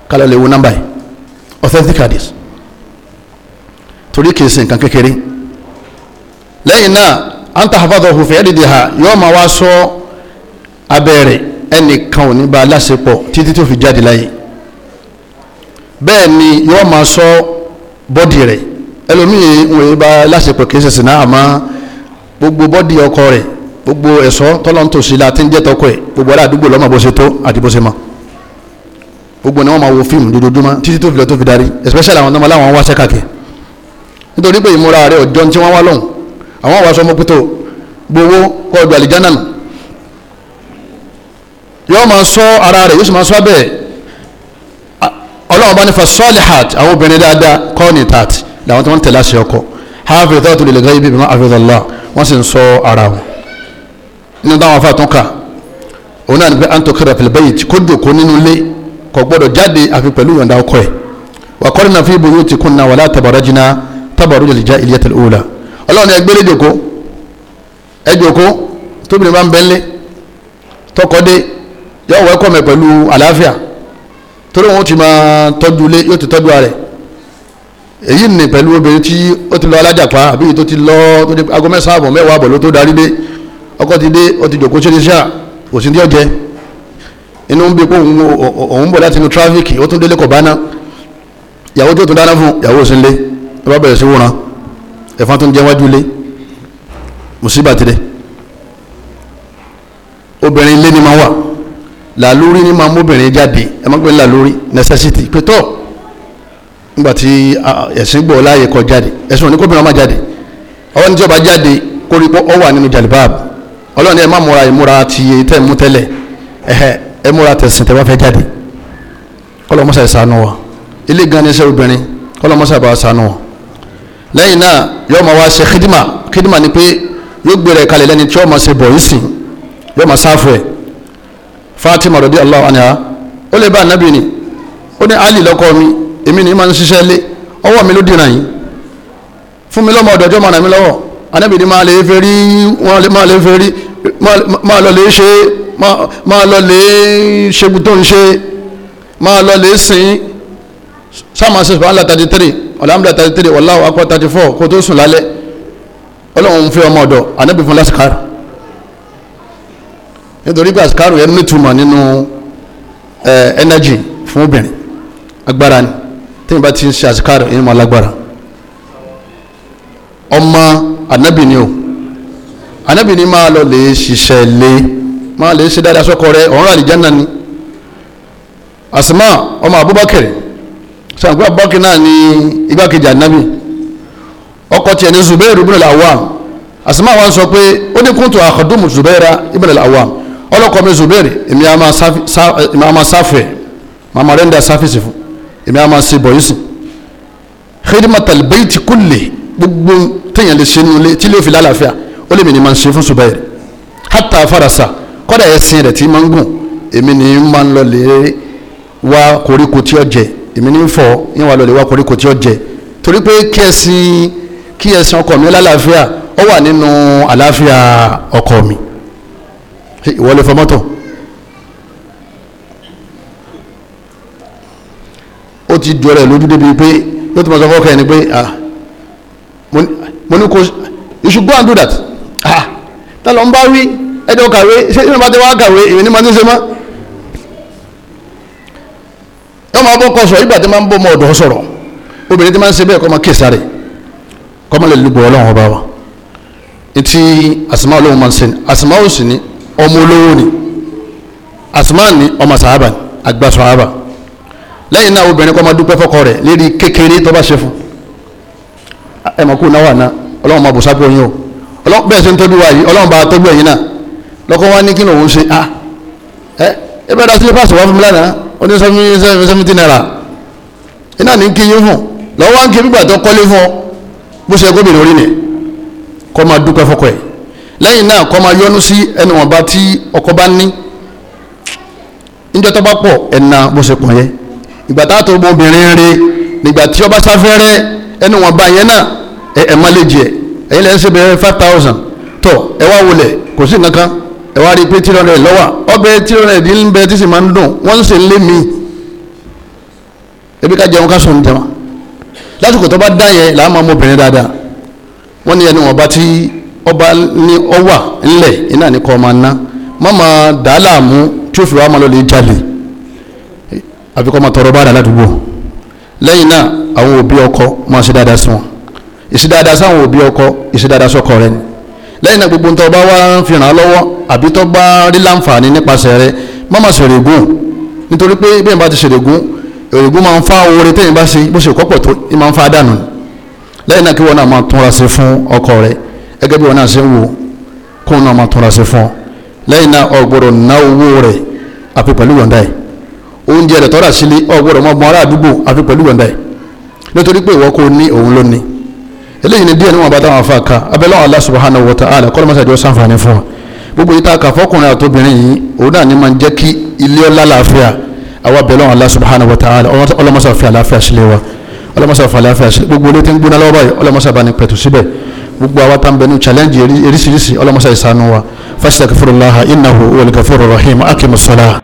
kálọ̀ lè wo nọ́mbà yìí authentic hadith torí kìí ṣe nǹkan kékeré lẹ́yìn náà anta hafadhahu fi adidiha yóò máa wá sọ abẹ́rẹ́ ẹnìkan ò ní bá aláṣepọ̀ títí tó fi jáde láyé bẹ́ẹ̀ ni yóò máa sọ bọ́dì rẹ̀ ẹlòmíì ń wòye bá aláṣepọ̀ kì í ṣẹ̀ṣẹ̀ náà àmọ́ gbogbo bọ́dì ọkọ rẹ̀ gbogbo ẹ̀ṣọ́ tọ́lọ́ntòsí la ti ń jẹ́ tọkọ ẹ̀ gbogbo ará àdúgbò lọ́mọ bó ṣe tó àti bó ṣe mọ́ gbogbo ni wọ́n máa wo fíìmù lójoojúmọ́ títí tó fi lọ tó fi darí especially àwọn ọmọ aláwọn wáṣẹ́ káàkiri nítorí pé ìmúra rẹ̀ ọjọ́ tí wọ́n wá lọ́hùn àwọn wàá sọ mọ́ pító yóò máa sọ ara rẹ̀ yóò sì máa sọ bẹ́ẹ̀ ọlọ́run bá ní fa salihat àwọn obìnrin dáadáa kọ́ọ̀nì tààtì làwọn tí wọ́n ń tẹ̀lé àṣẹ ọkọ hafidhatu lil ghaibi bima hafidhallah wọ́n sì ń sọ ara wọn nínú táwọn afa tún kà òun náà ní pé antokira fil bayt kó jòkó nínú ilé kò gbọ́dọ̀ jáde àfi pẹ̀lú yọ̀ǹda ọkọ ẹ̀ wa qarna fi buyutikunna wala tabarajna tabarujal jahiliyatil ula ọlọ́run ni ẹgbẹ́rẹ́ jòkó ẹ jòkó tóbi ní bá ń tọkọ dé yóò wẹ́kọ̀ mẹ́ pẹ̀lú àlàáfíà torí wọn ti máa tọ́jú lé yóò ti tọ́jú rẹ̀ èyí ni pẹ̀lú obìnrin tí ó ti lọ alájàpá àbí tó ti lọ tó di aago mẹ́sàn mẹ́wàá àbọ̀ ló tó darí dé ọkọ ti dé ó ti jòkó ṣe iṣẹ́ kò sí ní ọ̀jẹ́ inú bí pé òun bọ̀ láti inú tráfíkì ó tún délé kò tún dáná fún ìyàwó ẹ làlórí ní máa móbìnrin jáde ẹ má gbé làlórí necessity pétọ́ nígbà tí ẹ̀sìn gbọ́ láàyè kọ jáde ẹ̀sìn òní kóbìnrin ọmọ jáde ọwọ́ ní tí ọba jáde kórí pọ́ ọ wà nínú jàlibáàbù ọlọ́run ẹ má múra ìmúra ti tẹ́ mú tẹ́lẹ̀ ẹ̀hẹ́ ẹ múra tẹ̀sìn tẹ́ wá fẹ́ jáde kọ́lọ́mọ́sá ìsànú wa ilé gan ní sẹ́ obìnrin kọ́lọ́mọ́sá ìbá ìsànú wa lẹ́yìn náà yọ́ọ́ máa wá ṣe kídìmà kídìmà ni pé yóò gbé rẹ̀ kalẹ̀ lẹ́ni tí yọ́ọ́ máa ṣe bọ̀ yìí sìn yọ́ọ́ máa sáfù ẹ̀ fatima radiyallahu anha o lè bá anabi ni ó ní ali lọ́kọ mi èmi ni máa ń ṣiṣẹ́ lé ọwọ́ mi ló dìran yìí fún mi lọ́mọ ọ̀dọ́jọ́ máa ràn mí lọ́wọ́ anabi ni máa lè fẹ́ rí máa lè fẹ́ rí máa lọ lè ṣe máa lọ lè ṣègùn tó ń ṣe máa lọ lè sìn sáàmà sí sùpàlà thirty three ọ̀làmúlà thirty three wàláwà akọ thirty four kó tó sùn lálẹ́ ọlọ́run fẹ́ ọmọ ọ̀dọ̀ anabi fún lásìkárì nítorí pé àsìkárò yẹn nítumọ̀ nínú ẹnẹ́jì fún obìnrin agbára ni tí ìbá ti ń ṣe àsìkárò yẹn máa lágbára ọmọ ànábì ni o ànábì ni máa lọ lè ṣiṣẹ́ lé máa lè ṣe dáadáa sọ́kọ rẹ ọ̀run àlìjáná ni àsìmá ọmọ abubakar sàǹkú abubakar náà ni igbákejì ànábì ọkọ tiẹ̀ ní zubairu ibn al-awwam àsìmá wa sọ pé ó ní kuntu akhadumu zubaira ibn al ọlọ́kọ̀ mi zubere èmi a máa sáfẹ̀ màmá rẹ̀ ń da sáfẹ̀sì fún èmi a máa ṣe bọ̀yìsì khidmatal bayti kulli gbogbo téèyàn lè ṣe nínú ilé tí ilé òfin lálàáfíà ó lè mi ní máa ṣe fún Zubair hatta farasa kọ́dà ẹ̀sìn rẹ̀ tí máa ń gùn èmi ní máa ń lọ lè wá koríko tí ó jẹ èmi ní fọ yín wà lọ lè wá koríko tí ó jẹ torí pé kí ẹ̀sìn kí ẹ̀sìn ọkọ mi lálàáfíà ó wà nínú àlàáfíà ọkọ mi ìwọlé fọmọ́tò ó ti jọ rẹ̀ lójú débi pé yóò tó máa sọ fọ́ọ̀kẹ́ ẹni pé ah mo ní kò you should go and do that ah tá ló ń bá wí ẹjọ́ kàwé ṣé ìwé bá ti wá kàwé ìwé ni màá ní ṣe mọ́ ẹ máa bọ́ kọ sọ̀rọ̀ ìgbà tí máa ń bọ́ ọmọ ọ̀dọ́ sọ̀rọ̀ obìnrin tí máa ń ṣe bẹ́ẹ̀ kọ́ máa kí sáré kọ́ máa lè lùgbọ̀ ọlọ́run ọba wa etí àsìmá olóhùn máa ń sẹ́ni àsìmá sì ní ọmọ olówó ni asman ni ọmọ sàhábà ni àgbà sàhábà náà obìnrin kọ́ máa dúpẹ́ fọ́kọ rẹ̀ lérí kékeré tó ṣe fún ẹ mọ̀ kó náwó àná bò o ọlọ́run bẹ́ẹ̀ ṣe ń wa yìí bá náà wa ní kí lòun ṣe a ah, ẹ ẹ fún mi lánàá ó ní naira ní kí yín fún ń kí gbígbà tó kọ́lé fún ọ bó ṣe gómìnà orí ni lẹ́yìn náà kọ́ máa yọnu sí ẹni bá tí ọkọ bá ní níjọ́ bá pọ̀ ẹ̀nà bó ṣe pọ̀ yẹ ìgbà rẹ nígbà tí ọba sáfẹ́rẹ́ ẹni wọn bá yẹn náà ẹ̀ má lè jẹ 5000 lẹ́yìn ẹwa five thousand ẹ wá kò sí nǹkan ẹ wá rí i pé three hundred lọ́wọ́ ọbẹ̀ bẹ mi ebi ká jẹun ká lásìkò tó bá dá làá máa mọ obìnrin dáadáa wọ́n ní ẹni bá ọba ní ọwà ńlẹ̀ iná ni kọ́ máa ná mọ́mọ́ dàálàmú tí ó fi wá máa lọ lè jalè àfi kọ́ máa tọrọ bá dàá ládùúgbò lẹ́yìn náà àwọn òbí ọkọ máa ṣe dáadáa sí wọn ìṣe dáadáa sáwọn òbí ọkọ ìṣe dáadáa rẹ ni lẹ́yìn náà gbogbo ntọ́ bá wá ń fi ràn án lọ́wọ́ àbí tọ́ bá rí láǹfààní nípasẹ̀ rẹ mọ́mọ́ ṣèrègùn nítorí pé bẹ́ẹ̀ bá ti ṣèrègùn èrègùn máa ń fa oore téèyàn bá ṣe bó ṣe kọ́pọ̀ tó máa ń fa dànù lẹ́yìn náà kí wọ́n náà máa túnra sí fún ọkọ rẹ̀ gẹ́gẹ́ bí wọn náà ṣe ń wo kóun náà máa tọ́ra sí fún ọ lẹ́yìn náà o gbọ́dọ̀ ná owó rẹ̀ àfi pẹ̀lú yọ̀ǹda ẹ̀ oúnjẹ rẹ̀ tọ́ra sílé o gbọ́dọ̀ mọ́ ọmọ ará àdúgbò àfi pẹ̀lú yọ̀ǹda ẹ̀ nítorí pé ìwọ kò ní òun ló eléyìí ni díẹ̀ níwọ̀n bá táwọn afa ka abẹ́lẹ́ Allah subhanahu wa ta'ala kọ́lọ́ mọ́sá ìjọ sànfàní fún wa gbogbo yìí tá a kà fọkùnrin àtòbìnrin yìí òun náà ni máa ń jẹ́ kí ilé ọlá làáfíà àwa abẹ́lẹ́ Allah subhanahu wa ta'ala ọlọ́mọsá fi àlàáfíà sílé wa ọlọ́mọsá fi àlàáfíà sílé gbogbo olóòtú ń gbóná lọ́wọ́ báyìí ọlọ́mọsá bá ní pẹ̀tù síbẹ̀ gbogbo àwa tá ń bẹ ní challenge eríṣiríṣi ọlọ́mọṣẹ́ ìsanu wa fásitì kafurulaha innahu akimusola.